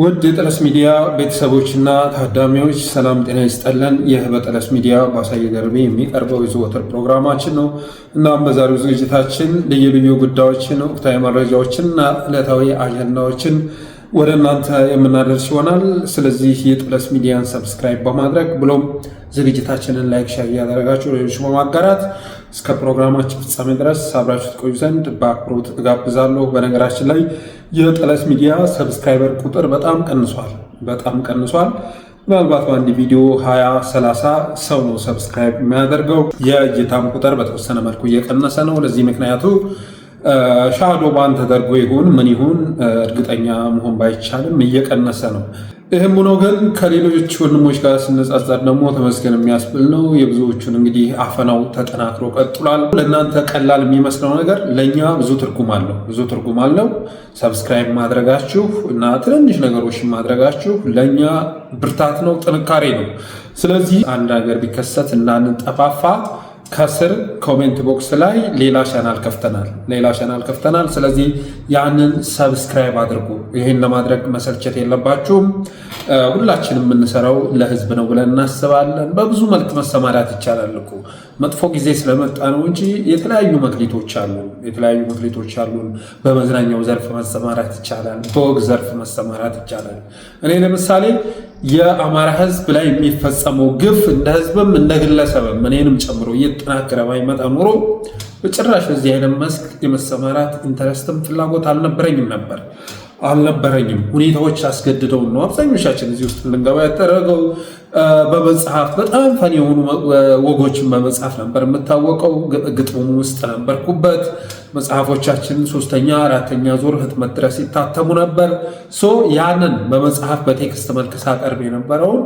ውድ የጠለስ ሚዲያ ቤተሰቦችና ታዳሚዎች ሰላም ጤና ይስጠለን። ይህ በጠለስ ሚዲያ በአሳየ ገርቤ የሚቀርበው የዘወትር ፕሮግራማችን ነው። እናም በዛሬው ዝግጅታችን ልዩ ልዩ ጉዳዮችን፣ ወቅታዊ መረጃዎችንና ዕለታዊ አጀንዳዎችን ወደ እናንተ የምናደርስ ይሆናል። ስለዚህ የጠለስ ሚዲያን ሰብስክራይብ በማድረግ ብሎም ዝግጅታችንን ላይክ፣ ሸር እያደረጋችሁ ሌሎች በማጋራት እስከ ፕሮግራማችን ፍጻሜ ድረስ አብራችሁ ትቆዩ ዘንድ በአክብሮት እጋብዛለሁ። በነገራችን ላይ የጠለስ ሚዲያ ሰብስክራይበር ቁጥር በጣም ቀንሷል፣ በጣም ቀንሷል። ምናልባት በአንድ ቪዲዮ 20 30 ሰው ነው ሰብስክራይብ የሚያደርገው። የእይታም ቁጥር በተወሰነ መልኩ እየቀነሰ ነው። ለዚህ ምክንያቱ ሻዶ ባን ተደርጎ ይሁን ምን ይሁን እርግጠኛ መሆን ባይቻልም እየቀነሰ ነው። ይህም ሆኖ ግን ከሌሎች ወንድሞች ጋር ስነጻጸር ደግሞ ተመስገን የሚያስብል ነው። የብዙዎቹን እንግዲህ አፈናው ተጠናክሮ ቀጥሏል። ለእናንተ ቀላል የሚመስለው ነገር ለእኛ ብዙ ትርጉም አለው፣ ብዙ ትርጉም አለው። ሰብስክራይብ ማድረጋችሁ እና ትንንሽ ነገሮች ማድረጋችሁ ለእኛ ብርታት ነው፣ ጥንካሬ ነው። ስለዚህ አንድ ሀገር ቢከሰት እንዳንጠፋፋ ከስር ኮሜንት ቦክስ ላይ ሌላ ቻናል ከፍተናል፣ ሌላ ቻናል ከፍተናል። ስለዚህ ያንን ሰብስክራይብ አድርጉ። ይህን ለማድረግ መሰልቸት የለባችሁም። ሁላችንም የምንሰራው ለህዝብ ነው ብለን እናስባለን። በብዙ መልክ መሰማራት ይቻላል እኮ መጥፎ ጊዜ ስለመጣ ነው እንጂ የተለያዩ መክሊቶች አሉ የተለያዩ መክሊቶች አሉን። በመዝናኛው ዘርፍ መሰማራት ይቻላል። በወግ ዘርፍ መሰማራት ይቻላል። እኔ ለምሳሌ የአማራ ሕዝብ ላይ የሚፈጸመው ግፍ እንደ ሕዝብም እንደ ግለሰብም እኔንም ጨምሮ እየተጠናከረ ባይመጣ ኑሮ በጭራሽ እዚህ አይነት መስክ የመሰማራት ኢንተረስትም ፍላጎት አልነበረኝም ነበር። አልነበረኝም። ሁኔታዎች አስገድደውን ነው አብዛኞቻችን እዚህ ውስጥ ልንገባ ያደረገው። በመጽሐፍ በጣም ፈን የሆኑ ወጎችን በመጽሐፍ ነበር የምታወቀው። ግጥሙ ውስጥ ነበርኩበት። መጽሐፎቻችን ሶስተኛ አራተኛ ዙር ህትመት ድረስ ይታተሙ ነበር። ሶ ያንን በመጽሐፍ በቴክስት መልክ ሳቀርብ የነበረውን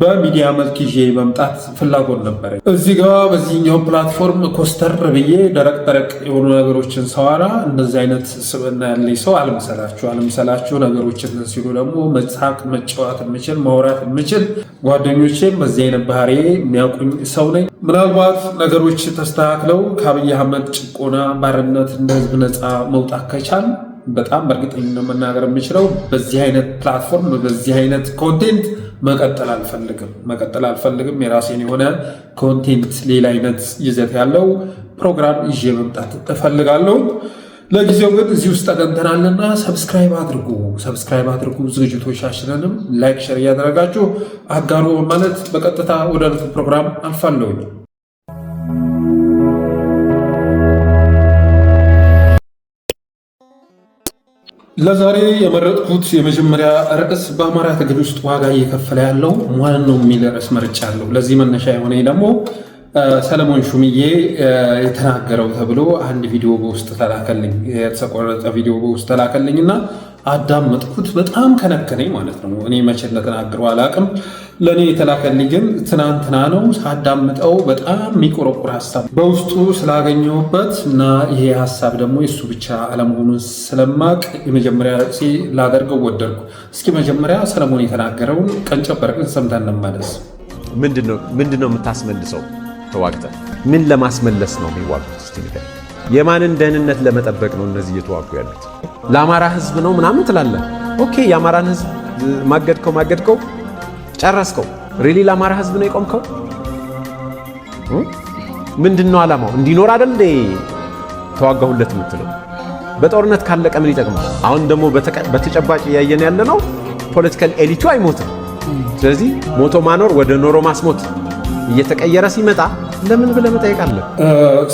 በሚዲያ መልክ ይዤ መምጣት ፍላጎት ነበረ። እዚህ ጋ በዚህኛው ፕላትፎርም ኮስተር ብዬ ደረቅ ደረቅ የሆኑ ነገሮችን ሰዋራ እንደዚህ አይነት ስብዕና ያለኝ ሰው አልመሰላችሁ አልመሰላችሁ። ነገሮችን ሲሉ ደግሞ መሳቅ መጫወት የምችል ማውራት የምችል ጓደኞቼም በዚህ አይነት ባህሪ የሚያውቁኝ ሰው ነኝ። ምናልባት ነገሮች ተስተካክለው ከአብይ አህመድ ጭቆና፣ ባርነት እንደ ህዝብ ነፃ መውጣት ከቻል በጣም በእርግጠኝነት መናገር የምችለው በዚህ አይነት ፕላትፎርም በዚህ አይነት ኮንቴንት መቀጠል አልፈልግም መቀጠል አልፈልግም። የራሴን የሆነ ኮንቴንት፣ ሌላ አይነት ይዘት ያለው ፕሮግራም ይዤ መምጣት እፈልጋለሁ። ለጊዜው ግን እዚህ ውስጥ ተገንተናልና ሰብስክራይብ አድርጉ ሰብስክራይብ አድርጉ። ዝግጅቶቻችንንም ላይክ፣ ሸር እያደረጋችሁ አጋሩ ማለት በቀጥታ ወደ ዕለቱ ፕሮግራም አልፋለሁኝ። ለዛሬ የመረጥኩት የመጀመሪያ ርዕስ በአማራ ትግል ውስጥ ዋጋ እየከፈለ ያለው ማን ነው የሚል ርዕስ አለው ለዚህ መነሻ የሆነ ደግሞ ሰለሞን ሹምዬ የተናገረው ተብሎ አንድ ቪዲዮ በውስጥ ተላከልኝ፣ የተቆረጠ ቪዲዮ በውስጥ ተላከልኝ እና አዳመጥኩት። በጣም ከነከነኝ ማለት ነው። እኔ መቼ እንደተናገረው አላቅም። ለእኔ የተላከልኝ ግን ትናንትና ነው። ሳዳምጠው በጣም የሚቆረቁር ሀሳብ በውስጡ ስላገኘሁበት እና ይሄ ሀሳብ ደግሞ የእሱ ብቻ አለመሆኑን ስለማቅ የመጀመሪያ ርዕሴ ላደርገው ወደድኩ። እስኪ መጀመሪያ ሰለሞን የተናገረውን ቀንጨብ አድርገን ሰምተን እንመለስ። ምንድን ነው የምታስመልሰው? ተዋግተን ምን ለማስመለስ ነው የሚዋጉት? የማንን ደህንነት ለመጠበቅ ነው እነዚህ እየተዋጉ ያሉት? ለአማራ ህዝብ ነው ምናምን ትላለህ። ኦኬ የአማራን ህዝብ ማገድከው ማገድከው ጨረስከው። ሪሊ ለአማራ ህዝብ ነው የቆምከው? ምንድን ነው ዓላማው? እንዲኖር አደል እንዴ ተዋጋሁለት የምትለው? በጦርነት ካለቀ ምን ይጠቅማል? አሁን ደግሞ በተጨባጭ እያየን ያለ ነው ፖለቲካል ኤሊቱ አይሞትም። ስለዚህ ሞቶ ማኖር ወደ ኖሮ ማስሞት እየተቀየረ ሲመጣ ለምን ብለህ መጠየቅ አለ።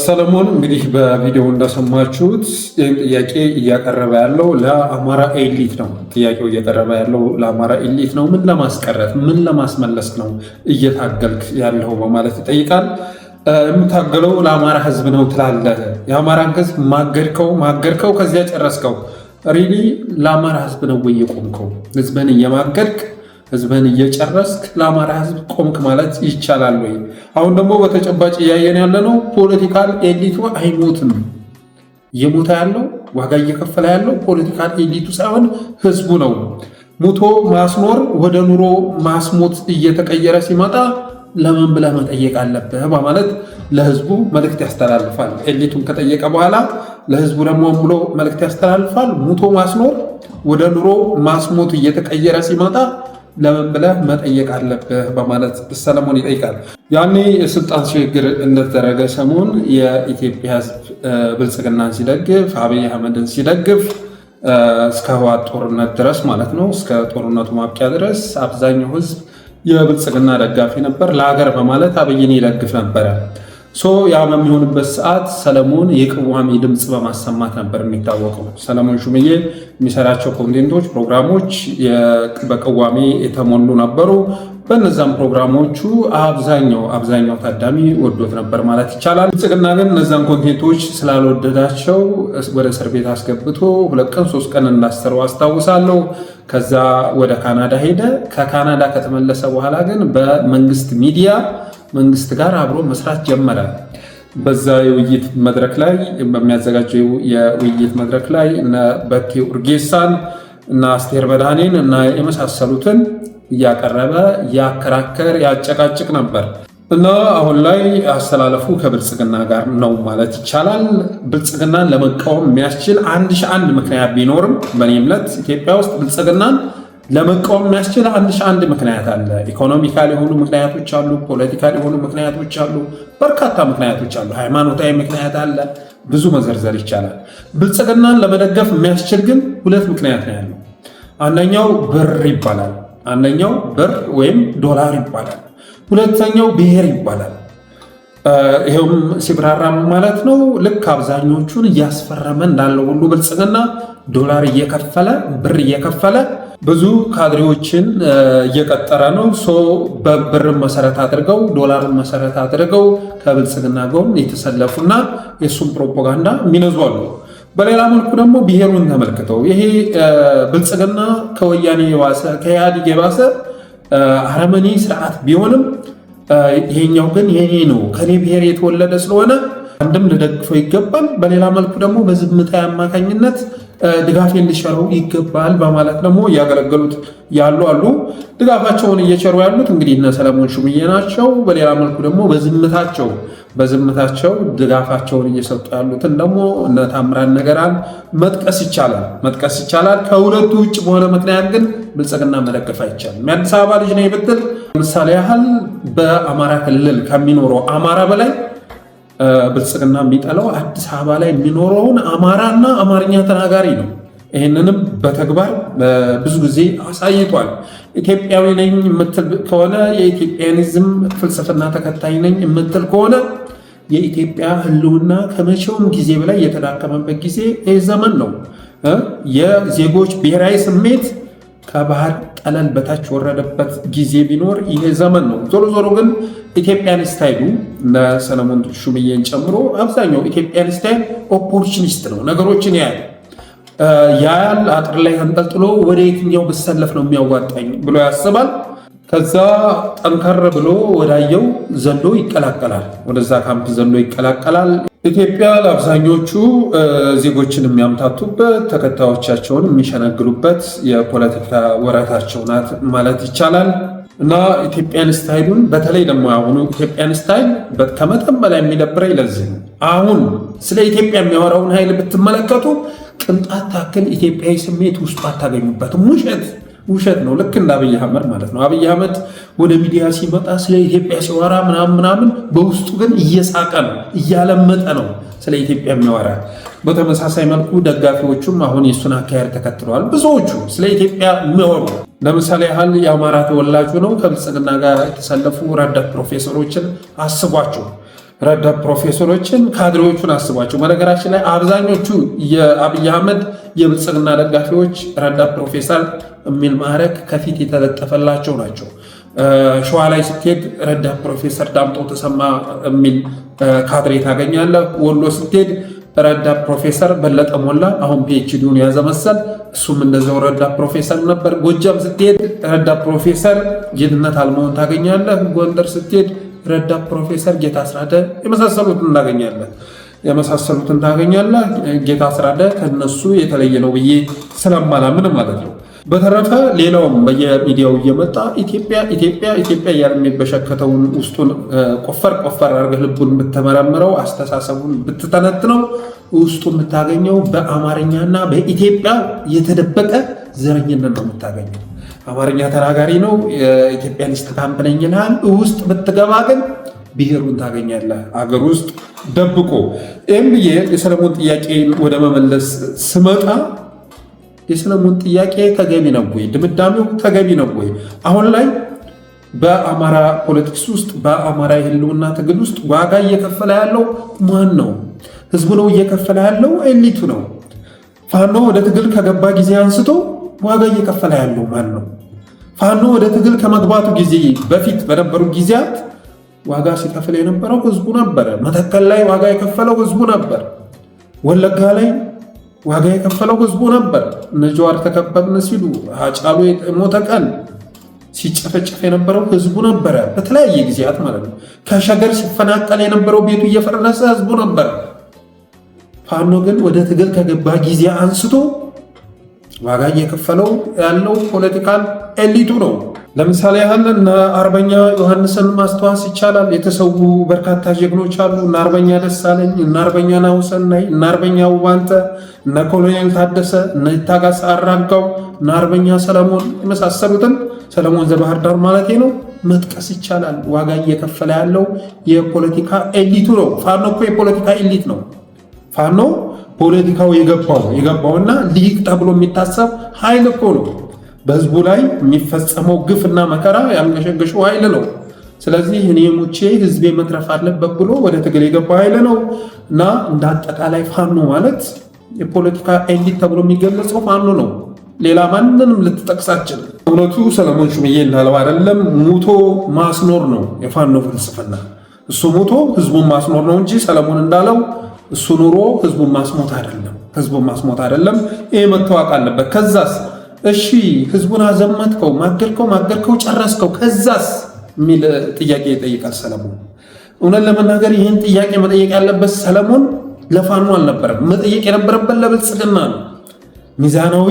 ሰለሞን እንግዲህ በቪዲዮ እንደሰማችሁት ይህን ጥያቄ እያቀረበ ያለው ለአማራ ኤሊት ነው። ጥያቄው እያቀረበ ያለው ለአማራ ኤሊት ነው። ምን ለማስቀረት ምን ለማስመለስ ነው እየታገልክ ያለው በማለት ይጠይቃል። የምታገለው ለአማራ ህዝብ ነው ትላለህ። የአማራን ህዝብ ማገድከው ማገድከው፣ ከዚያ ጨረስከው። ሪሊ ለአማራ ህዝብ ነው ወይ የቆምከው? ህዝብን እየማገድክ ህዝብህን እየጨረስክ ለአማራ ህዝብ ቆምክ ማለት ይቻላል ወይ? አሁን ደግሞ በተጨባጭ እያየን ያለነው ፖለቲካል ኤሊቱ አይሞትም። እየሞተ ያለው ዋጋ እየከፈለ ያለው ፖለቲካል ኤሊቱ ሳይሆን ህዝቡ ነው። ሙቶ ማስኖር ወደ ኑሮ ማስሞት እየተቀየረ ሲመጣ ለምን ብለህ መጠየቅ አለብህ በማለት ለህዝቡ መልእክት ያስተላልፋል። ኤሊቱን ከጠየቀ በኋላ ለህዝቡ ደግሞ ብሎ መልእክት ያስተላልፋል። ሙቶ ማስኖር ወደ ኑሮ ማስሞት እየተቀየረ ሲመጣ ለምን ብለህ መጠየቅ አለብህ በማለት ሰለሞን ይጠይቃል። ያኔ የስልጣን ሽግግር እንደተደረገ ሰሞን የኢትዮጵያ ሕዝብ ብልጽግናን ሲደግፍ አብይ አህመድን ሲደግፍ እስከ ህወሓት ጦርነት ድረስ ማለት ነው እስከ ጦርነቱ ማብቂያ ድረስ አብዛኛው ሕዝብ የብልጽግና ደጋፊ ነበር። ለሀገር በማለት አብይን ይደግፍ ነበረ። ሶ ያ በሚሆንበት ሰዓት ሰለሞን የቅዋሜ ድምፅ በማሰማት ነበር የሚታወቀው። ሰለሞን ሹምዬ የሚሰራቸው ኮንቴንቶች፣ ፕሮግራሞች በቅዋሜ የተሞሉ ነበሩ። በነዛም ፕሮግራሞቹ አብዛኛው አብዛኛው ታዳሚ ወዶት ነበር ማለት ይቻላል። ብልጽግና ግን እነዛን ኮንቴንቶች ስላልወደዳቸው ወደ እስር ቤት አስገብቶ ሁለት ቀን ሶስት ቀን እንዳሰረው አስታውሳለሁ። ከዛ ወደ ካናዳ ሄደ። ከካናዳ ከተመለሰ በኋላ ግን በመንግስት ሚዲያ መንግስት ጋር አብሮ መስራት ጀመረ። በዛ የውይይት መድረክ ላይ በሚያዘጋጀው የውይይት መድረክ ላይ እነ በቴ ኡርጌሳን እና አስቴር በዳኔን እና የመሳሰሉትን እያቀረበ ያከራከር ያጨቃጭቅ ነበር እና አሁን ላይ አስተላለፉ ከብልጽግና ጋር ነው ማለት ይቻላል። ብልጽግናን ለመቃወም የሚያስችል አንድ ሺህ አንድ ምክንያት ቢኖርም በእኔ እምነት ኢትዮጵያ ውስጥ ብልጽግናን ለመቃወም የሚያስችል አንድ ሺ አንድ ምክንያት አለ። ኢኮኖሚካል የሆኑ ምክንያቶች አሉ፣ ፖለቲካል የሆኑ ምክንያቶች አሉ፣ በርካታ ምክንያቶች አሉ፣ ሃይማኖታዊ ምክንያት አለ። ብዙ መዘርዘር ይቻላል። ብልጽግናን ለመደገፍ የሚያስችል ግን ሁለት ምክንያት ነው ያለው። አንደኛው ብር ይባላል። አንደኛው ብር ወይም ዶላር ይባላል። ሁለተኛው ብሔር ይባላል። ይሄውም ሲብራራም ማለት ነው ልክ አብዛኞቹን እያስፈረመ እንዳለው ሁሉ ብልጽግና ዶላር እየከፈለ ብር እየከፈለ ብዙ ካድሬዎችን እየቀጠረ ነው። ሶ በብርን መሰረት አድርገው ዶላርን መሰረት አድርገው ከብልጽግና ጎን የተሰለፉና የእሱን ፕሮፓጋንዳ የሚነዙ አሉ። በሌላ መልኩ ደግሞ ብሔሩን ተመልክተው ይሄ ብልጽግና ከወያኔ የባሰ ከኢህአዴግ የባሰ አረመኔ ስርዓት ቢሆንም ይሄኛው ግን የኔ ነው ከኔ ብሔር የተወለደ ስለሆነ አንድም ልደግፈው ይገባል፣ በሌላ መልኩ ደግሞ በዝምታ አማካኝነት ድጋፍ እንዲሸረው ይገባል በማለት ደግሞ እያገለገሉት ያሉ አሉ። ድጋፋቸውን እየቸሩ ያሉት እንግዲህ እነ ሰለሞን ሹምዬ ናቸው። በሌላ መልኩ ደግሞ በዝምታቸው በዝምታቸው ድጋፋቸውን እየሰጡ ያሉትን ደግሞ እነ ታምራን ነገራን መጥቀስ ይቻላል መጥቀስ ይቻላል። ከሁለቱ ውጭ በሆነ ምክንያት ግን ብልጽግና መደገፍ አይቻልም። የአዲስ አበባ ልጅ ነው ብትል ምሳሌ ያህል በአማራ ክልል ከሚኖረው አማራ በላይ ብልጽግና የሚጠላው አዲስ አበባ ላይ የሚኖረውን አማራና አማርኛ ተናጋሪ ነው። ይህንንም በተግባር ብዙ ጊዜ አሳይቷል። ኢትዮጵያዊ ነኝ የምትል ከሆነ የኢትዮጵያኒዝም ፍልስፍና ተከታይ ነኝ የምትል ከሆነ የኢትዮጵያ ሕልውና ከመቼውም ጊዜ በላይ የተዳከመበት ጊዜ ዘመን ነው። የዜጎች ብሔራዊ ስሜት ከባህር ጠለል በታች ወረደበት ጊዜ ቢኖር ይሄ ዘመን ነው። ዞሮ ዞሮ ግን ኢትዮጵያን ስታይሉ እነ ሰለሞን ሹምዬን ጨምሮ አብዛኛው ኢትዮጵያን ስታይል ኦፖርቹኒስት ነው። ነገሮችን ያያል ያያል አጥር ላይ አንጠልጥሎ ወደ የትኛው ብሰለፍ ነው የሚያዋጣኝ ብሎ ያስባል። ከዛ ጠንከር ብሎ ወዳየው ዘንዶ ይቀላቀላል። ወደዛ ካምፕ ዘንዶ ይቀላቀላል። ኢትዮጵያ ለአብዛኞቹ ዜጎችን የሚያምታቱበት ተከታዮቻቸውን የሚሸነግሉበት የፖለቲካ ወረታቸው ናት ማለት ይቻላል እና ኢትዮጵያን ስታይሉን በተለይ ደግሞ አሁኑ ኢትዮጵያን ስታይል ከመጠን በላይ የሚደብረኝ ለዚህ ነው። አሁን ስለ ኢትዮጵያ የሚያወራውን ኃይል ብትመለከቱ ቅንጣት ታክል ኢትዮጵያዊ ስሜት ውስጡ አታገኙበትም። ውሸት ውሸት ነው። ልክ እንደ አብይ አህመድ ማለት ነው። አብይ አህመድ ወደ ሚዲያ ሲመጣ ስለ ኢትዮጵያ ሲወራ ምናምን ምናምን፣ በውስጡ ግን እየሳቀ ነው፣ እያለመጠ ነው ስለ ኢትዮጵያ የሚወራ። በተመሳሳይ መልኩ ደጋፊዎቹም አሁን የእሱን አካሄድ ተከትለዋል። ብዙዎቹ ስለ ኢትዮጵያ የሚወሩ ለምሳሌ ያህል የአማራ ተወላጁ ነው ከብልጽግና ጋር የተሰለፉ ረዳት ፕሮፌሰሮችን አስቧቸው ረዳት ፕሮፌሰሮችን ካድሬዎቹን አስቧቸው። በነገራችን ላይ አብዛኞቹ የአብይ አህመድ የብልጽግና ደጋፊዎች ረዳት ፕሮፌሰር የሚል ማዕረግ ከፊት የተለጠፈላቸው ናቸው። ሸዋ ላይ ስትሄድ ረዳት ፕሮፌሰር ዳምጦ ተሰማ የሚል ካድሬ ታገኛለህ። ወሎ ስትሄድ ረዳት ፕሮፌሰር በለጠ ሞላ አሁን ፒኤችዲውን የያዘ መሰል እሱም እንደዚያው ረዳት ፕሮፌሰር ነበር። ጎጃም ስትሄድ ረዳት ፕሮፌሰር ጌትነት አልመሆን ታገኛለህ። ጎንደር ስትሄድ ረዳት ፕሮፌሰር ጌታ አስራደ የመሳሰሉትን እናገኛለን የመሳሰሉትን እናገኛለ ጌታ አስራደ ከነሱ የተለየ ነው ብዬ ስለማላምን ማለት ነው። በተረፈ ሌላውም በየሚዲያው እየመጣ ኢትዮጵያ ኢትዮጵያ ኢትዮጵያ እያለ የሚበሸከተውን ውስጡን ቆፈር ቆፈር አድርገህ ልቡን ብትመረምረው አስተሳሰቡን ብትተነትነው ውስጡ የምታገኘው በአማርኛና በኢትዮጵያ የተደበቀ ዘረኝነት ነው የምታገኘው። አማርኛ ተናጋሪ ነው። የኢትዮጵያን ካምፕ ነኝ ይልሃል። ውስጥ ብትገባ ግን ብሔሩን ታገኛለህ። አገር ውስጥ ደብቆ ይህም ብዬ የሰለሞን ጥያቄን ወደ መመለስ ስመጣ የሰለሞን ጥያቄ ተገቢ ነው ወይ? ድምዳሜው ተገቢ ነው ወይ? አሁን ላይ በአማራ ፖለቲክስ ውስጥ በአማራ የህልውና ትግል ውስጥ ዋጋ እየከፈለ ያለው ማን ነው? ህዝቡ ነው እየከፈለ ያለው? ኤሊቱ ነው። ፋኖ ወደ ትግል ከገባ ጊዜ አንስቶ ዋጋ እየከፈለ ያለው ማን ነው? ፋኖ ወደ ትግል ከመግባቱ ጊዜ በፊት በነበሩ ጊዜያት ዋጋ ሲከፍል የነበረው ህዝቡ ነበረ። መተከል ላይ ዋጋ የከፈለው ህዝቡ ነበር። ወለጋ ላይ ዋጋ የከፈለው ህዝቡ ነበር። እነ ጀዋር ተከበብን ሲሉ ጫሉ የሞተ ቀን ሲጨፈጨፍ የነበረው ህዝቡ ነበረ። በተለያየ ጊዜያት ማለት ነው። ከሸገር ሲፈናቀል የነበረው ቤቱ እየፈረሰ ህዝቡ ነበር። ፋኖ ግን ወደ ትግል ከገባ ጊዜ አንስቶ ዋጋ እየከፈለው ያለው ፖለቲካል ኤሊቱ ነው። ለምሳሌ ያህል እነ አርበኛ ዮሐንስን ማስታወስ ይቻላል። የተሰዉ በርካታ ጀግኖች አሉ። እነ አርበኛ ደሳለኝ፣ እነ አርበኛ ናሁሰናይ፣ እነ አርበኛ ውባንተ፣ እነ ኮሎኔል ታደሰ፣ እነ ታጋስ አራጋው፣ እነ አርበኛ ሰለሞን የመሳሰሉትን ሰለሞን ዘባህር ዳር ማለቴ ነው መጥቀስ ይቻላል። ዋጋ እየከፈለ ያለው የፖለቲካ ኤሊቱ ነው። ፋኖ እኮ የፖለቲካ ኤሊት ነው ፋኖ ፖለቲካው የገባው የገባውና ሊቅ ተብሎ የሚታሰብ ኃይል እኮ ነው። በህዝቡ ላይ የሚፈጸመው ግፍና መከራ ያንገሸገሸው ኃይል ነው። ስለዚህ እኔ ሙቼ ህዝቤ መትረፍ አለበት ብሎ ወደ ትግል የገባ ኃይል ነው እና እንደ አጠቃላይ ፋኖ ማለት የፖለቲካ ኤሊት ተብሎ የሚገለጸው ፋኖ ነው። ሌላ ማንንም ልትጠቅሳችን እውነቱ ሰለሞን ሹምዬ እንዳለው አይደለም። ሙቶ ማስኖር ነው የፋኖ ፍልስፍና። እሱ ሙቶ ህዝቡን ማስኖር ነው እንጂ ሰለሞን እንዳለው እሱ ኑሮ ህዝቡን ማስሞት አይደለም፣ ህዝቡን ማስሞት አይደለም። ይሄ መታወቅ አለበት። ከዛስ እሺ ህዝቡን አዘመትከው፣ ማገድከው፣ ማገድከው፣ ጨረስከው፣ ከዛስ የሚል ጥያቄ ይጠይቃል ሰለሞን። እውነት ለመናገር ይህን ጥያቄ መጠየቅ ያለበት ሰለሞን ለፋኖ አልነበረም። መጠየቅ የነበረበት ለብልጽግና ነው። ሚዛናዊ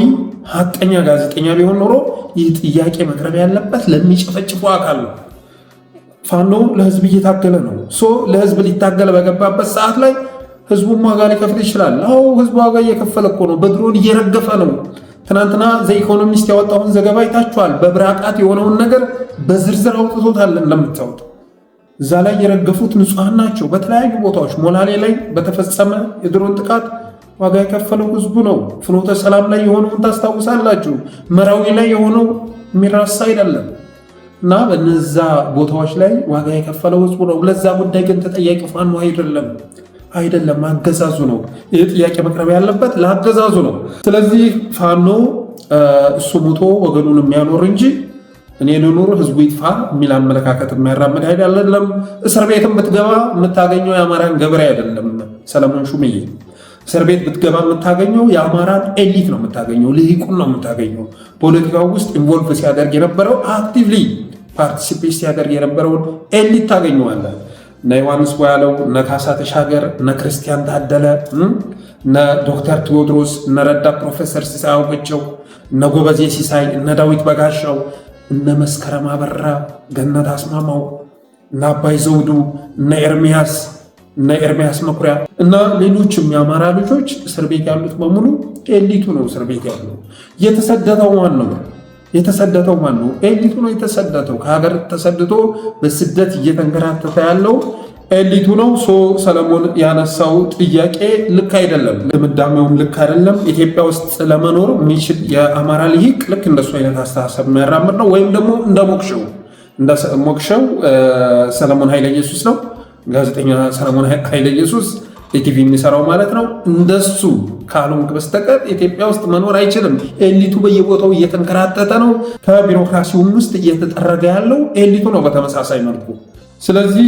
ሀቀኛ ጋዜጠኛ ቢሆን ኖሮ ይህ ጥያቄ መቅረብ ያለበት ለሚጨፈጭፉ አካል ነው። ፋኖ ለህዝብ እየታገለ ነው። ሶ ለህዝብ ሊታገለ በገባበት ሰዓት ላይ ህዝቡን ዋጋ ሊከፍል ይችላል። አዎ ህዝቡ ዋጋ እየከፈለ እኮ ነው። በድሮን እየረገፈ ነው። ትናንትና ዘኢኮኖሚስት ያወጣውን ዘገባ ይታችኋል። በብራቃት የሆነውን ነገር በዝርዝር አውጥቶታል። እንደምታወጡ እዛ ላይ የረገፉት ንጹሐን ናቸው። በተለያዩ ቦታዎች ሞላሌ ላይ በተፈጸመ የድሮን ጥቃት ዋጋ የከፈለው ህዝቡ ነው። ፍኖተ ሰላም ላይ የሆነውን ታስታውሳላችሁ። መራዊ ላይ የሆነው የሚራሳ አይደለም እና በነዛ ቦታዎች ላይ ዋጋ የከፈለው ህዝቡ ነው። ለዛ ጉዳይ ግን ተጠያቂ ፋኖ አይደለም። አይደለም፣ አገዛዙ ነው። ይህ ጥያቄ መቅረብ ያለበት ለአገዛዙ ነው። ስለዚህ ፋኖ እሱ ሙቶ ወገኑን የሚያኖር እንጂ እኔ ልኑር ህዝቡ ይጥፋ የሚል አመለካከት የሚያራምድ ኃይል አይደለም። እስር ቤትም ብትገባ የምታገኘው የአማራን ገበሬ አይደለም። ሰለሞን ሹምዬ እስር ቤት ብትገባ የምታገኘው የአማራን ኤሊት ነው የምታገኘው፣ ልሂቁን ነው የምታገኘው። ፖለቲካው ውስጥ ኢንቮልቭ ሲያደርግ የነበረው አክቲቭሊ ፓርቲሲፔት ሲያደርግ የነበረውን ኤሊት ታገኘዋለን። እነ ዮሐንስ ቦያለው፣ እነ ካሳ ተሻገር፣ እነ ክርስቲያን ታደለ፣ እነ ዶክተር ቴዎድሮስ፣ እነ ፕሮፌሰር ሲሳይ አውግቸው፣ እነ ጎበዜ ሲሳይ፣ እነ ዳዊት በጋሻው፣ እነ መስከረም አበራ፣ ገነት አስማማው፣ እነ አባይ ዘውዱ፣ እነ ኤርሚያስ እነ ኤርሚያስ መኩሪያ እና ሌሎችም የአማራ ልጆች እስር ቤት ያሉት በሙሉ ኤሊቱ ነው። እስር ቤት ያሉ የተሰደተው ማን ነው? የተሰደተው ማን ነው? ኤሊቱ ነው የተሰደተው። ከሀገር ተሰድቶ በስደት እየተንከራተተ ያለው ኤሊቱ ነው። ሶ ሰለሞን ያነሳው ጥያቄ ልክ አይደለም፣ ድምዳሜውም ልክ አይደለም። ኢትዮጵያ ውስጥ ለመኖር የሚችል የአማራ ልሂቅ ልክ እንደሱ አይነት አስተሳሰብ የሚያራምድ ነው። ወይም ደግሞ እንደ ሞቅሸው እንደ ሞቅሸው ሰለሞን ኃይለ ኢየሱስ ነው ጋዜጠኛ ሰለሞን ኃይለ ኢየሱስ ኢቲቪ የሚሰራው ማለት ነው። እንደሱ ካልሆንክ በስተቀር ኢትዮጵያ ውስጥ መኖር አይችልም። ኤሊቱ በየቦታው እየተንከራተተ ነው። ከቢሮክራሲውም ውስጥ እየተጠረገ ያለው ኤሊቱ ነው በተመሳሳይ መልኩ። ስለዚህ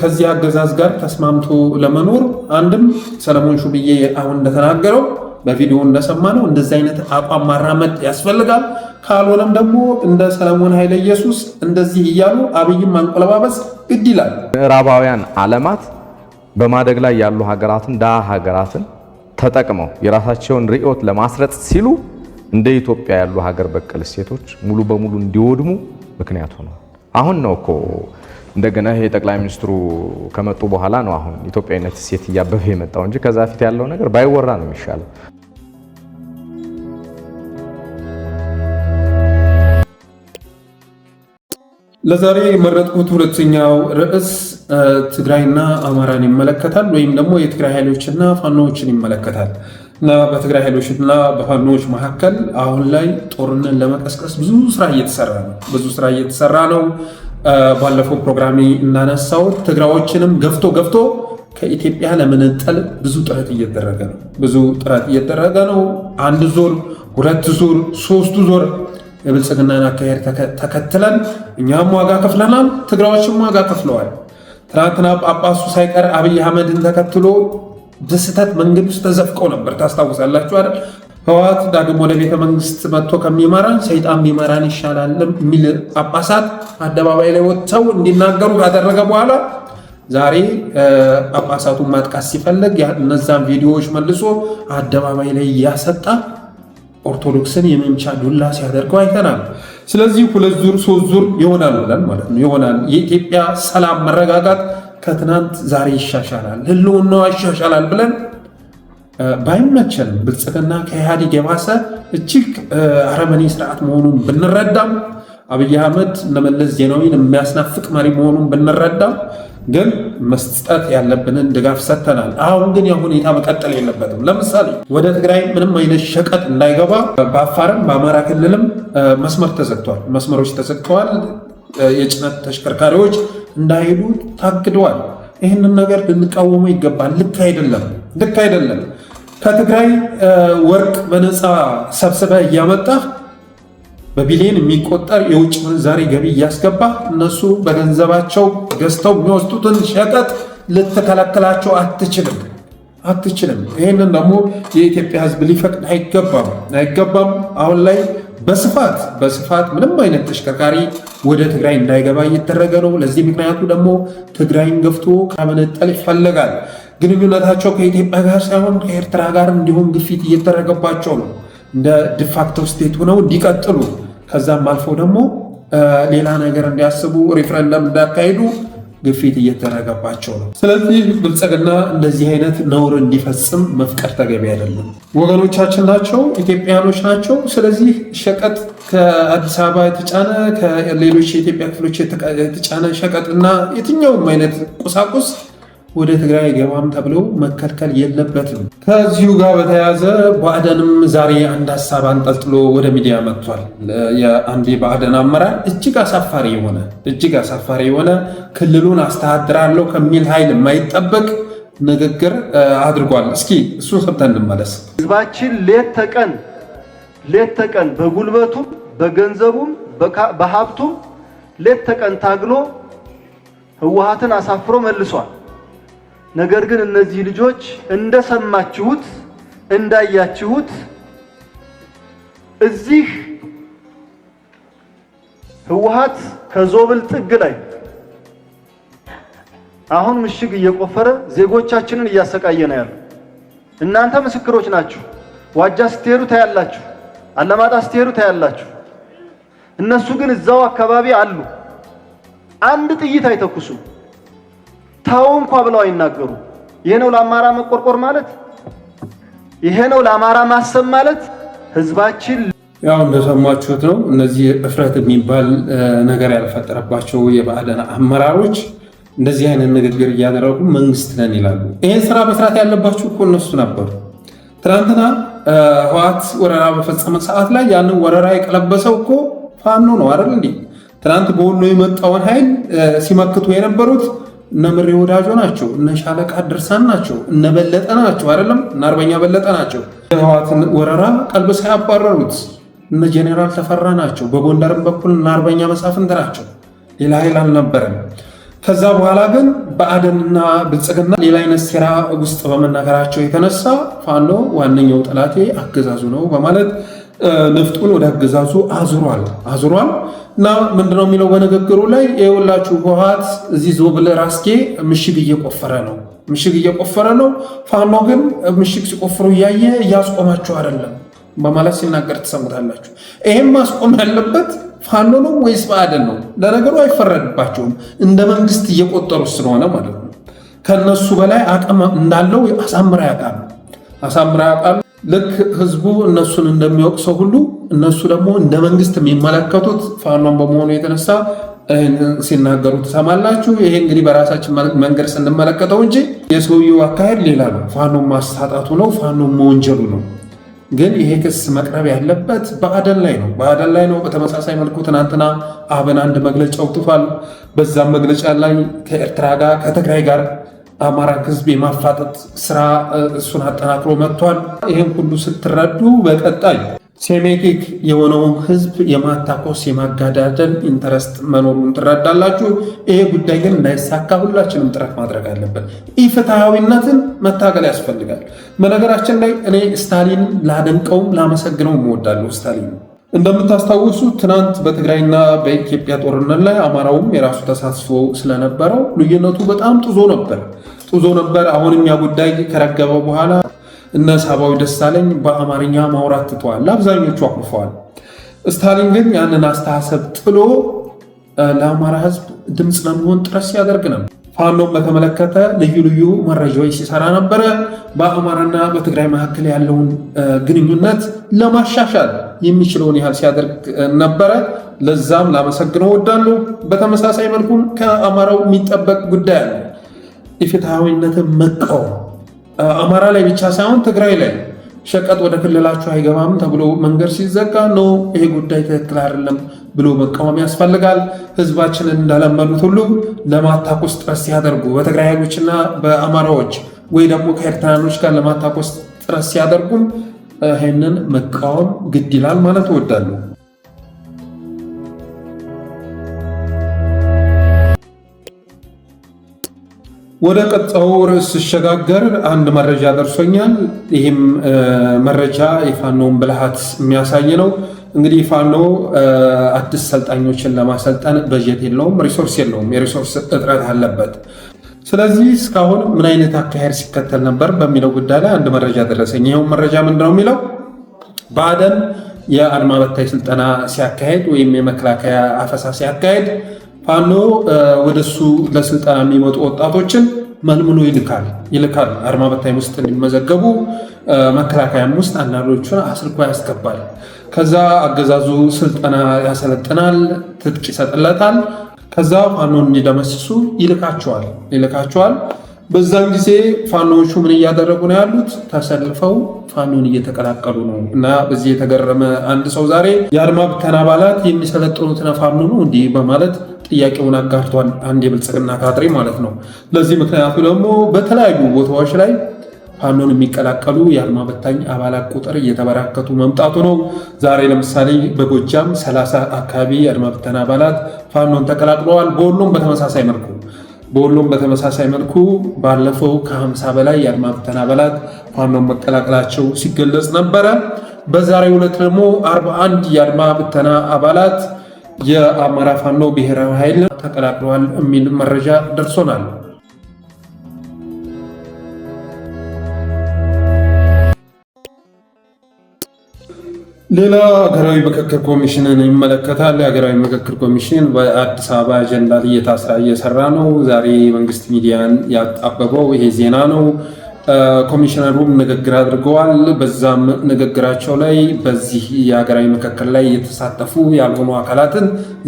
ከዚህ አገዛዝ ጋር ተስማምቶ ለመኖር አንድም ሰለሞን ሹምዬ አሁን እንደተናገረው በቪዲዮ እንደሰማነው እንደዚህ አይነት አቋም ማራመድ ያስፈልጋል። ካልሆነም ደግሞ እንደ ሰለሞን ኃይለ ኢየሱስ እንደዚህ እያሉ አብይም ማንቆለባበስ ግድ ይላል። ምዕራባውያን አለማት። በማደግ ላይ ያሉ ሀገራትን ዳ ሀገራትን ተጠቅመው የራሳቸውን ርዕዮት ለማስረጽ ሲሉ እንደ ኢትዮጵያ ያሉ ሀገር በቀል እሴቶች ሙሉ በሙሉ እንዲወድሙ ምክንያት ሆነ። አሁን ነው እኮ እንደገና ይሄ ጠቅላይ ሚኒስትሩ ከመጡ በኋላ ነው አሁን ኢትዮጵያዊነት እሴት እያበበ የመጣው እንጂ ከዛ ፊት ያለው ነገር ባይወራ ነው የሚሻለው። ለዛሬ የመረጥኩት ሁለተኛው ርዕስ ትግራይና አማራን ይመለከታል ወይም ደግሞ የትግራይ ኃይሎችና ፋኖዎችን ይመለከታል እና በትግራይ ኃይሎችና በፋኖዎች መካከል አሁን ላይ ጦርነት ለመቀስቀስ ብዙ ስራ እየተሰራ ነው። ብዙ ስራ እየተሰራ ነው። ባለፈው ፕሮግራሚ እንዳነሳሁት ትግራዎችንም ገፍቶ ገፍቶ ከኢትዮጵያ ለመነጠል ብዙ ጥረት እየተደረገ ነው። ብዙ ጥረት እየተደረገ ነው። አንድ ዙር፣ ሁለት ዙር፣ ሶስቱ ዙር የብልጽግናን አካሄድ ተከትለን እኛም ዋጋ ከፍለናል፣ ትግራዎችም ዋጋ ከፍለዋል። ትናንትና ጳጳሱ ሳይቀር አብይ አህመድን ተከትሎ በስህተት መንገድ ውስጥ ተዘፍቀው ነበር። ታስታውሳላችሁ አይደል? ህወሓት ዳግም ወደ ቤተ መንግስት መጥቶ ከሚመራን ሰይጣን ቢመራን ይሻላል የሚል ጳጳሳት አደባባይ ላይ ወጥተው እንዲናገሩ ካደረገ በኋላ ዛሬ ጳጳሳቱን ማጥቃት ሲፈልግ እነዛን ቪዲዮዎች መልሶ አደባባይ ላይ እያሰጣ ኦርቶዶክስን የመምቻ ዱላ ሲያደርገው አይተናል። ስለዚህ ሁለት ዙር ሶስት ዙር ይሆናል ብለን ማለት ነው ይሆናል። የኢትዮጵያ ሰላም መረጋጋት ከትናንት ዛሬ ይሻሻላል፣ ህልውናዋ ይሻሻላል ብለን ባይመቸንም ብልጽግና ከኢህአዴግ የባሰ እጅግ አረመኔ ስርዓት መሆኑን ብንረዳም አብይ አህመድ እነ መለስ ዜናዊን የሚያስናፍቅ መሪ መሆኑን ብንረዳም ግን መስጠት ያለብንን ድጋፍ ሰጥተናል። አሁን ግን ያ ሁኔታ መቀጠል የለበትም። ለምሳሌ ወደ ትግራይ ምንም አይነት ሸቀጥ እንዳይገባ በአፋርም በአማራ ክልልም መስመር ተዘግቷል፣ መስመሮች ተዘግተዋል። የጭነት ተሽከርካሪዎች እንዳይሄዱ ታግደዋል። ይህንን ነገር ልንቃወመው ይገባል። ልክ አይደለም፣ ልክ አይደለም። ከትግራይ ወርቅ በነፃ ሰብስበ እያመጣህ በቢሊየን የሚቆጠር የውጭ ምንዛሬ ገቢ እያስገባ እነሱ በገንዘባቸው ገዝተው የሚወስጡትን ሸቀጥ ልትከለክላቸው አትችልም አትችልም። ይህንን ደግሞ የኢትዮጵያ ሕዝብ ሊፈቅድ አይገባም አይገባም። አሁን ላይ በስፋት በስፋት ምንም አይነት ተሽከርካሪ ወደ ትግራይ እንዳይገባ እየተደረገ ነው። ለዚህ ምክንያቱ ደግሞ ትግራይን ገፍቶ ከመነጠል ይፈለጋል። ግንኙነታቸው ከኢትዮጵያ ጋር ሳይሆን ከኤርትራ ጋር እንዲሁም ግፊት እየተደረገባቸው ነው እንደ ዲፋክቶ ስቴት ሆነው እንዲቀጥሉ ከዛም አልፎ ደግሞ ሌላ ነገር እንዲያስቡ ሪፍረንደም እንዳካሄዱ ግፊት እየተደረገባቸው ነው። ስለዚህ ብልጽግና እንደዚህ አይነት ነውር እንዲፈጽም መፍቀድ ተገቢ አይደለም። ወገኖቻችን ናቸው፣ ኢትዮጵያኖች ናቸው። ስለዚህ ሸቀጥ ከአዲስ አበባ የተጫነ ከሌሎች የኢትዮጵያ ክፍሎች የተጫነ ሸቀጥ እና የትኛውም አይነት ቁሳቁስ ወደ ትግራይ ገባም ተብሎ መከልከል የለበትም። ከዚሁ ጋር በተያያዘ ብአዴንም ዛሬ አንድ ሀሳብ አንጠልጥሎ ወደ ሚዲያ መጥቷል። የአንድ የብአዴን አመራር እጅግ አሳፋሪ የሆነ እጅግ አሳፋሪ የሆነ ክልሉን አስተዳድራለሁ ከሚል ኃይል የማይጠበቅ ንግግር አድርጓል። እስኪ እሱ ሰምተን እንመለስ። ህዝባችን ሌት ተቀን ሌት ተቀን በጉልበቱም በገንዘቡም በሀብቱም ሌት ተቀን ታግሎ ህወሀትን አሳፍሮ መልሷል። ነገር ግን እነዚህ ልጆች እንደሰማችሁት እንዳያችሁት እዚህ ህወሓት ከዞብል ጥግ ላይ አሁን ምሽግ እየቆፈረ ዜጎቻችንን እያሰቃየ ነው ያለው። እናንተ ምስክሮች ናችሁ። ዋጃ ስትሄዱ ታያላችሁ፣ አለማጣ ስትሄዱ ታያላችሁ። እነሱ ግን እዛው አካባቢ አሉ። አንድ ጥይት አይተኩሱም። ታው እንኳ ብለው አይናገሩ። ይሄ ነው ለአማራ መቆርቆር ማለት፣ ይሄ ነው ለአማራ ማሰብ ማለት። ህዝባችን ያው እንደሰማችሁት ነው። እነዚህ እፍረት የሚባል ነገር ያልፈጠረባቸው የብአዴን አመራሮች እንደዚህ አይነት ንግግር እያደረጉ መንግስት ነን ይላሉ። ይህን ስራ መስራት ያለባችሁ እኮ እነሱ ነበሩ። ትናንትና ህወሓት ወረራ በፈጸመ ሰዓት ላይ ያንን ወረራ የቀለበሰው እኮ ፋኖ ነው አይደል? እንዲ ትናንት በወሎ የመጣውን ኃይል ሲመክቱ የነበሩት እነ ምሬ ወዳጆ ናቸው፣ እነ ሻለቃ ድርሳን ናቸው፣ እነ በለጠ ናቸው አይደለም፣ እነ አርበኛ በለጠ ናቸው። የህዋትን ወረራ ቀልብ ያባረሩት እነ ጄኔራል ተፈራ ናቸው። በጎንደርም በኩል እነ አርበኛ መሳፍንት ናቸው። ሌላ ኃይል አልነበረም። ከዛ በኋላ ግን በአደንና ብልጽግና ሌላ አይነት ሴራ ውስጥ በመናገራቸው የተነሳ ፋኖ ዋነኛው ጠላቴ አገዛዙ ነው በማለት ንፍጡን ወደ አገዛዙ አዙሯል አዙሯል። እና ምንድነው የሚለው በንግግሩ ላይ የወላችሁ ህወሓት እዚህ ዞብል ራስጌ ምሽግ እየቆፈረ ነው ምሽግ እየቆፈረ ነው። ፋኖ ግን ምሽግ ሲቆፍሩ እያየ እያስቆማችሁ አይደለም በማለት ሲናገር ትሰሙታላችሁ። ይህም ማስቆም ያለበት ፋኖ ነው ወይስ ብአዴን ነው? ለነገሩ አይፈረድባቸውም እንደ መንግስት እየቆጠሩ ስለሆነ ማለት ነው። ከነሱ በላይ አቅም እንዳለው አሳምራ ያውቃሉ አሳምራ ያውቃሉ። ልክ ህዝቡ እነሱን ሰው ሁሉ እነሱ ደግሞ እንደ መንግስት የሚመለከቱት ፋኖን በመሆኑ የተነሳ ይህንን ሲናገሩ ትሰማላችሁ። ይሄ እንግዲህ በራሳችን መንገድ ስንመለከተው እንጂ የሰውየው አካሄድ ሌላ ነው። ፋኖን ማሳጣቱ ነው፣ ፋኖን መወንጀሉ ነው። ግን ይሄ ክስ መቅረብ ያለበት በአደን ላይ ነው፣ በአደን ላይ ነው። በተመሳሳይ መልኩ ትናንትና አብን አንድ መግለጫ አውጥቷል። በዛም መግለጫ ላይ ከኤርትራ ጋር ከትግራይ ጋር አማራ ህዝብ የማፋጠጥ ስራ እሱን አጠናክሮ መጥቷል። ይህን ሁሉ ስትረዱ በቀጣይ ሴሜቲክ የሆነውን ህዝብ የማታኮስ የማጋዳደል ኢንተረስት መኖሩን ትረዳላችሁ። ይሄ ጉዳይ ግን እንዳይሳካ ሁላችንም ጥረት ማድረግ አለብን። ኢፍትሐዊነትን መታገል ያስፈልጋል። በነገራችን ላይ እኔ ስታሊን ላደንቀውም ላመሰግነውም እወዳለሁ ስታሊን እንደምታስታውሱ ትናንት በትግራይና በኢትዮጵያ ጦርነት ላይ አማራውም የራሱ ተሳትፎ ስለነበረው ልዩነቱ በጣም ጥዞ ነበር ጥዞ ነበር። አሁን ጉዳይ ከረገበ በኋላ እነ ሳባዊ ደሳለኝ በአማርኛ ማውራት ትተዋል፣ ለአብዛኞቹ አኩርፈዋል። ስታሊን ግን ያንን አስተሳሰብ ጥሎ ለአማራ ሕዝብ ድምፅ ለመሆን ጥረት ሲያደርግ ነው። ፋኖም በተመለከተ ልዩ ልዩ መረጃዎች ሲሰራ ነበረ። በአማራና በትግራይ መካከል ያለውን ግንኙነት ለማሻሻል የሚችለውን ያህል ሲያደርግ ነበረ። ለዛም ላመሰግነው እወዳለሁ። በተመሳሳይ መልኩም ከአማራው የሚጠበቅ ጉዳይ አለ። የፍትሐዊነትን መቃወም አማራ ላይ ብቻ ሳይሆን ትግራይ ላይ ሸቀጥ ወደ ክልላችሁ አይገባም ተብሎ መንገድ ሲዘጋ ነው ይሄ ጉዳይ ትክክል አይደለም ብሎ መቃወም ያስፈልጋል። ህዝባችንን እንዳለመዱት ሁሉ ለማታኮስ ጥረት ሲያደርጉ በትግራዮችና በአማራዎች ወይ ደግሞ ከኤርትራኖች ጋር ለማታኮስ ጥረት ሲያደርጉም ይህንን መቃወም ግድ ይላል ማለት እወዳለሁ። ወደ ቀጣው ርዕስ ስሸጋገር አንድ መረጃ ደርሶኛል። ይህም መረጃ የፋኖውን ብልሃት የሚያሳይ ነው። እንግዲህ ፋኖ አዲስ ሰልጣኞችን ለማሰልጠን በጀት የለውም፣ ሪሶርስ የለውም፣ የሪሶርስ እጥረት አለበት። ስለዚህ እስካሁን ምን አይነት አካሄድ ሲከተል ነበር በሚለው ጉዳይ ላይ አንድ መረጃ ደረሰኝ። ይኸውም መረጃ ምንድ ነው የሚለው በአደን የአድማ በታይ ስልጠና ሲያካሄድ ወይም የመከላከያ አፈሳ ሲያካሄድ ፋኖ ወደሱ ለስልጠና የሚመጡ ወጣቶችን መልምሎ ይልካል ይልካል። አድማ በታይም ውስጥ እንዲመዘገቡ መከላከያም ውስጥ አንዳንዶቹን አስልኮ ያስገባል። ከዛ አገዛዙ ስልጠና ያሰለጥናል፣ ትጥቅ ይሰጥለታል። ከዛ ፋኖን እንዲደመስሱ ይልካቸዋል ይልካቸዋል። በዛን ጊዜ ፋኖቹ ምን እያደረጉ ነው ያሉት? ተሰልፈው ፋኖን እየተቀላቀሉ ነው። እና በዚህ የተገረመ አንድ ሰው ዛሬ የአድማ ብተና አባላት የሚሰለጥኑትን ፋኖ ነው እንዲህ በማለት ጥያቄውን አጋርቷል። አንድ የብልጽግና ካድሬ ማለት ነው። ለዚህ ምክንያቱ ደግሞ በተለያዩ ቦታዎች ላይ ፋኖን የሚቀላቀሉ የአድማ በታኝ አባላት ቁጥር እየተበራከቱ መምጣቱ ነው። ዛሬ ለምሳሌ በጎጃም 30 አካባቢ የአድማ በታኝ አባላት ፋኖን ተቀላቅለዋል። በሁሉም በተመሳሳይ መልኩ በሁሉም በተመሳሳይ መልኩ ባለፈው ከ50 በላይ የአድማ ብተና አባላት ፋኖን መቀላቀላቸው ሲገለጽ ነበረ። በዛሬ ዕለት ደግሞ 41 የአድማ ብተና አባላት የአማራ ፋኖ ብሔራዊ ኃይል ተቀላቅለዋል የሚል መረጃ ደርሶናል። ሌላ ሀገራዊ ምክክር ኮሚሽንን ይመለከታል። የሀገራዊ ምክክር ኮሚሽን በአዲስ አበባ አጀንዳ ላይ እየሰራ ነው። ዛሬ መንግስት ሚዲያን ያጣበበው ይሄ ዜና ነው። ኮሚሽነሩም ንግግር አድርገዋል። በዛም ንግግራቸው ላይ በዚህ የሀገራዊ ምክክር ላይ የተሳተፉ ያልሆኑ አካላትን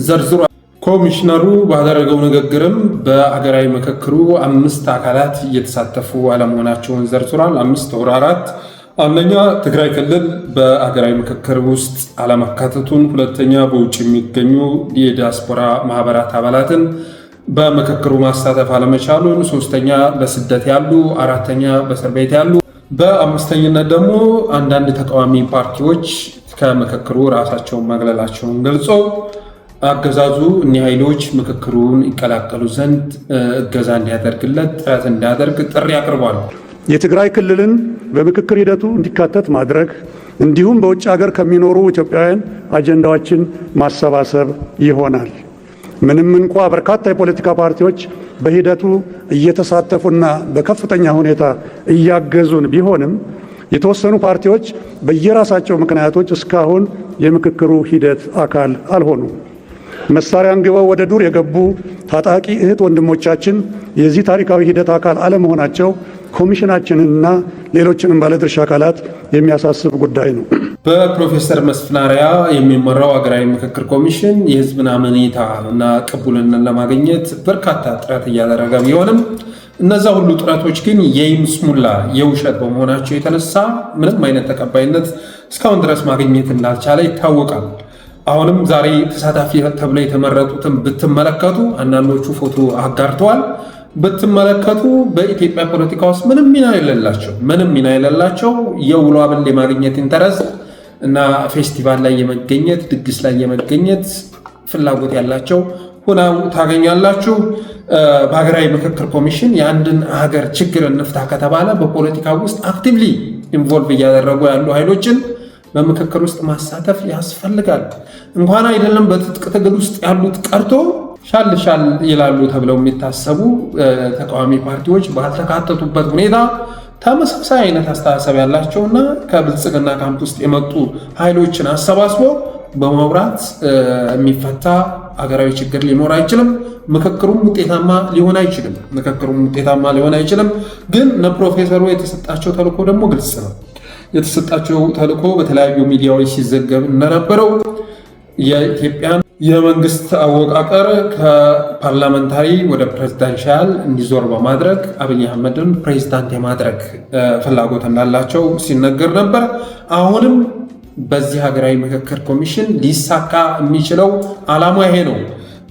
ዘርዝሯል። ኮሚሽነሩ ባደረገው ንግግርም በሀገራዊ ምክክሩ አምስት አካላት እየተሳተፉ አለመሆናቸውን ዘርዝሯል። አምስት ወር አራት አንደኛ ትግራይ ክልል በአገራዊ ምክክር ውስጥ አለመካተቱን፣ ሁለተኛ በውጭ የሚገኙ የዲያስፖራ ማህበራት አባላትን በምክክሩ ማሳተፍ አለመቻሉን፣ ሶስተኛ በስደት ያሉ፣ አራተኛ በእስር ቤት ያሉ፣ በአምስተኝነት ደግሞ አንዳንድ ተቃዋሚ ፓርቲዎች ከምክክሩ ራሳቸውን መግለላቸውን ገልጾ አገዛዙ እኒህ ኃይሎች ምክክሩን ይቀላቀሉ ዘንድ እገዛ እንዲያደርግለት ጥረት እንዲያደርግ ጥሪ አቅርቧል። የትግራይ ክልልን በምክክር ሂደቱ እንዲካተት ማድረግ እንዲሁም በውጭ ሀገር ከሚኖሩ ኢትዮጵያውያን አጀንዳዎችን ማሰባሰብ ይሆናል። ምንም እንኳ በርካታ የፖለቲካ ፓርቲዎች በሂደቱ እየተሳተፉና በከፍተኛ ሁኔታ እያገዙን ቢሆንም የተወሰኑ ፓርቲዎች በየራሳቸው ምክንያቶች እስካሁን የምክክሩ ሂደት አካል አልሆኑም። መሳሪያ አንግበው ወደ ዱር የገቡ ታጣቂ እህት ወንድሞቻችን የዚህ ታሪካዊ ሂደት አካል አለመሆናቸው ኮሚሽናችንንና ሌሎችንም ባለድርሻ አካላት የሚያሳስብ ጉዳይ ነው። በፕሮፌሰር መስፍን አርአያ የሚመራው ሀገራዊ ምክክር ኮሚሽን የህዝብን አመኔታ እና ቅቡልነት ለማግኘት በርካታ ጥረት እያደረገ ቢሆንም እነዛ ሁሉ ጥረቶች ግን የይምስሙላ የውሸት በመሆናቸው የተነሳ ምንም አይነት ተቀባይነት እስካሁን ድረስ ማግኘት እንዳልቻለ ይታወቃል። አሁንም ዛሬ ተሳታፊ ተብለው የተመረጡትን ብትመለከቱ አንዳንዶቹ ፎቶ አጋርተዋል። ብትመለከቱ በኢትዮጵያ ፖለቲካ ውስጥ ምንም ሚና የሌላቸው ምንም ሚና የሌላቸው የውሎ አበል የማግኘት ኢንተረስት እና ፌስቲቫል ላይ የመገኘት ድግስ ላይ የመገኘት ፍላጎት ያላቸው ሁና ታገኛላችሁ። በሀገራዊ ምክክር ኮሚሽን የአንድን ሀገር ችግር እንፍታ ከተባለ በፖለቲካ ውስጥ አክቲቭሊ ኢንቮልቭ እያደረጉ ያሉ ኃይሎችን በምክክር ውስጥ ማሳተፍ ያስፈልጋል። እንኳን አይደለም በትጥቅ ትግል ውስጥ ያሉት ቀርቶ ሻል ሻል ይላሉ ተብለው የሚታሰቡ ተቃዋሚ ፓርቲዎች ባልተካተቱበት ሁኔታ ተመሳሳይ አይነት አስተሳሰብ ያላቸውና ከብልጽግና ካምፕ ውስጥ የመጡ ኃይሎችን አሰባስቦ በመብራት የሚፈታ ሀገራዊ ችግር ሊኖር አይችልም። ምክክሩም ውጤታማ ሊሆን አይችልም። ምክክሩም ውጤታማ ሊሆን አይችልም። ግን ፕሮፌሰሩ የተሰጣቸው ተልዕኮ ደግሞ ግልጽ ነው። የተሰጣቸው ተልዕኮ በተለያዩ ሚዲያዎች ሲዘገብ እንደነበረው የኢትዮጵያን የመንግስት አወቃቀር ከፓርላመንታሪ ወደ ፕሬዝዳንሻል እንዲዞር በማድረግ አብይ አህመድን ፕሬዝዳንት የማድረግ ፍላጎት እንዳላቸው ሲነገር ነበር። አሁንም በዚህ ሀገራዊ ምክክር ኮሚሽን ሊሳካ የሚችለው አላማ ይሄ ነው።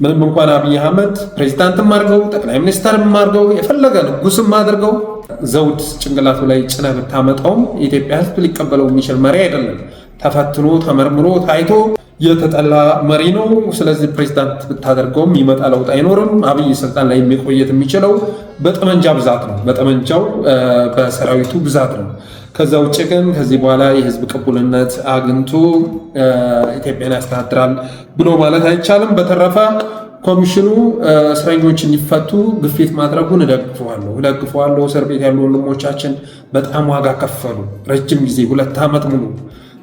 ምንም እንኳን አብይ አህመድ ፕሬዝዳንትም አድርገው ጠቅላይ ሚኒስተርም አድርገው የፈለገ ንጉስም አድርገው ዘውድ ጭንቅላቱ ላይ ጭነ ብታመጣውም የኢትዮጵያ ሕዝብ ሊቀበለው የሚችል መሪ አይደለም። ተፈትኖ ተመርምሮ ታይቶ የተጠላ መሪ ነው። ስለዚህ ፕሬዚዳንት ብታደርገውም ይመጣ ለውጥ አይኖርም። አብይ ስልጣን ላይ የሚቆየት የሚችለው በጠመንጃ ብዛት ነው፣ በጠመንጃው በሰራዊቱ ብዛት ነው። ከዛ ውጭ ግን ከዚህ በኋላ የህዝብ ቅቡልነት አግኝቶ ኢትዮጵያን ያስተዳድራል ብሎ ማለት አይቻልም። በተረፈ ኮሚሽኑ እስረኞች እንዲፈቱ ግፊት ማድረጉን እደግፈዋለሁ እደግፈዋለሁ። እስር ቤት ያሉ ወንድሞቻችን በጣም ዋጋ ከፈሉ። ረጅም ጊዜ ሁለት ዓመት ሙሉ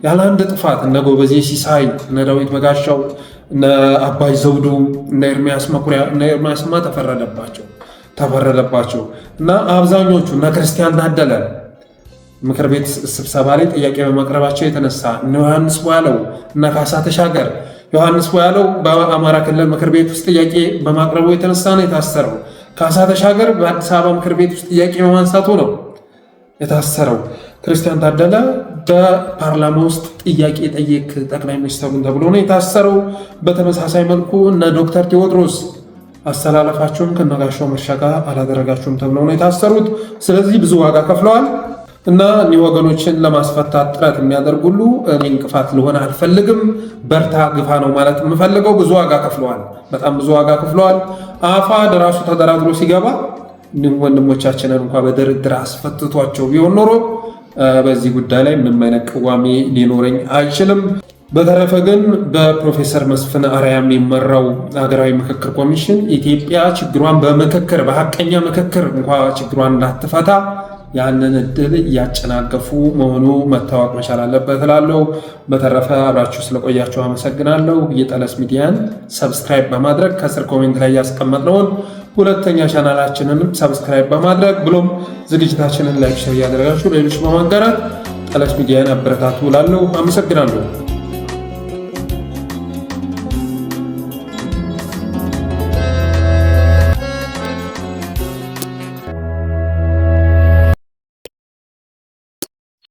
ያለ አንድ ጥፋት እነ ጎበዜ ሲሳይ፣ እነ ዳዊት መጋሻው፣ እነ አባይ ዘውዱ፣ እነ ኤርሚያስ መኩሪያ፣ እነ ኤርሚያስማ ተፈረደባቸው ተፈረደባቸው እና አብዛኞቹ እነ ክርስቲያን ታደለ ምክር ቤት ስብሰባ ላይ ጥያቄ በማቅረባቸው የተነሳ እነ ዮሐንስ ቧያለው፣ እነ ካሳ ተሻገር ዮሐንስ ቧያለው በአማራ ክልል ምክር ቤት ውስጥ ጥያቄ በማቅረቡ የተነሳ ነው የታሰረው። ካሳ ተሻገር በአዲስ አበባ ምክር ቤት ውስጥ ጥያቄ በማንሳቱ ነው የታሰረው። ክርስቲያን ታደለ በፓርላማ ውስጥ ጥያቄ ጠየቅ ጠቅላይ ሚኒስትሩን ተብሎ ነው የታሰረው። በተመሳሳይ መልኩ እነ ዶክተር ቴዎድሮስ አስተላለፋቸውን ከነጋሻው መርሻ ጋር አላደረጋቸውም ተብሎ ነው የታሰሩት። ስለዚህ ብዙ ዋጋ ከፍለዋል እና እኒህ ወገኖችን ለማስፈታት ጥረት የሚያደርግ ሁሉ እኔ እንቅፋት ልሆን አልፈልግም። በርታ፣ ግፋ ነው ማለት የምፈልገው። ብዙ ዋጋ ከፍለዋል፣ በጣም ብዙ ዋጋ ከፍለዋል። አፋሕድ ራሱ ተደራድሮ ሲገባ ወንድሞቻችንን እንኳ በድርድር አስፈትቷቸው ቢሆን ኖሮ በዚህ ጉዳይ ላይ ምንም አይነት ቅዋሜ ሊኖረኝ አይችልም። በተረፈ ግን በፕሮፌሰር መስፍን አርያም የሚመራው ሀገራዊ ምክክር ኮሚሽን ኢትዮጵያ ችግሯን በምክክር በሀቀኛ ምክክር እንኳ ችግሯን እንዳትፈታ ያንን እድል እያጨናገፉ መሆኑ መታወቅ መቻል አለበት እላለሁ። በተረፈ አብራችሁ ስለቆያችሁ አመሰግናለሁ። የጠለስ ሚዲያን ሰብስክራይብ በማድረግ ከስር ኮሜንት ላይ ያስቀመጥነውን ሁለተኛ ቻናላችንንም ሰብስክራይብ በማድረግ ብሎም ዝግጅታችንን ላይክ ሸር እያደረጋችሁ ሌሎች በማጋራት ጠለች ሚዲያን አበረታቱ። ላለሁ አመሰግናለሁ።